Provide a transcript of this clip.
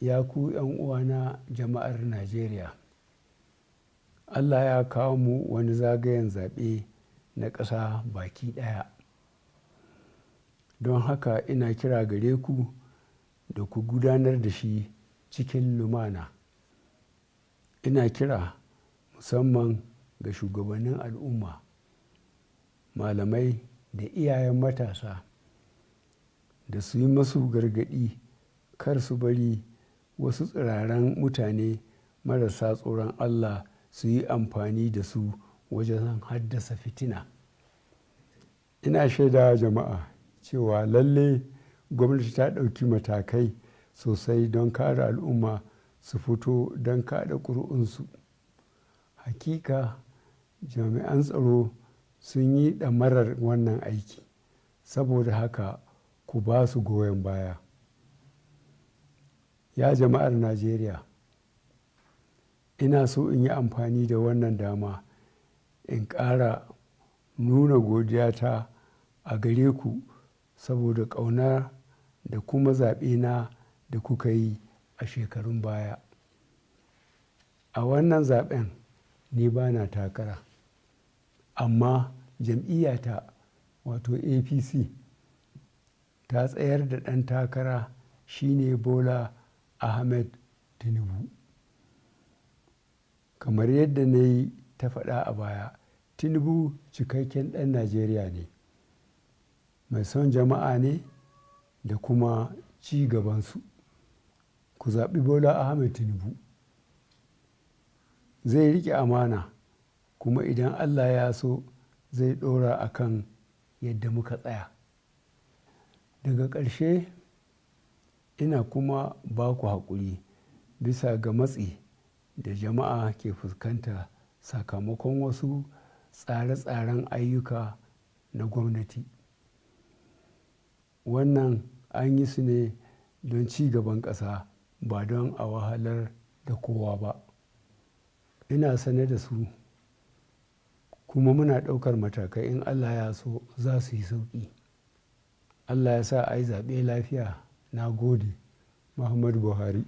ya ku ‘yan uwana jama'ar Najeriya, Allah ya kawo mu wani zagayen zaɓe na ƙasa baki ɗaya. Don haka ina kira gare ku da ku gudanar da shi cikin lumana. Ina kira musamman ga shugabannin al'umma, malamai da iyayen matasa da su yi masu gargaɗi kar su bari wasu tsiraren mutane marasa tsoron Allah su yi amfani da su wajen haddasa fitina ina shaida jama'a cewa lalle gwamnati ta ɗauki matakai sosai don kare al'umma su fito don kaɗa ƙuri'unsu hakika jami'an tsaro sun yi ɗamarar wannan aiki saboda haka ku ba su goyon baya ya jama'ar najeriya ina so in yi amfani da wannan dama in ƙara nuna godiyata a gare ku saboda ƙauna da kuma zaɓe na da kuka yi a shekarun baya a wannan zaɓen ne ba na takara amma jam'iyyata wato apc ta tsayar da ɗan takara shine bola Ahmed Tinubu. Kamar yadda na yi ta faɗa a baya, Tinubu cikakken ɗan Najeriya ne, mai son jama'a ne da kuma ci gabansu. Ku zaɓi Bola Ahmed Tinubu. Zai riƙe amana kuma idan Allah ya so zai ɗora a kan yadda muka tsaya. Daga ƙarshe. ina kuma ba ku haƙuri bisa ga matsi da jama'a ke fuskanta sakamakon wasu tsare-tsaren ayyuka na gwamnati wannan an yi su ne don ci gaban ƙasa ba don a wahalar da kowa ba ina sane da su kuma muna ɗaukar matakai in allah ya so za su yi sauƙi allah ya sa a yi zaɓe lafiya na gode muhammadu buhari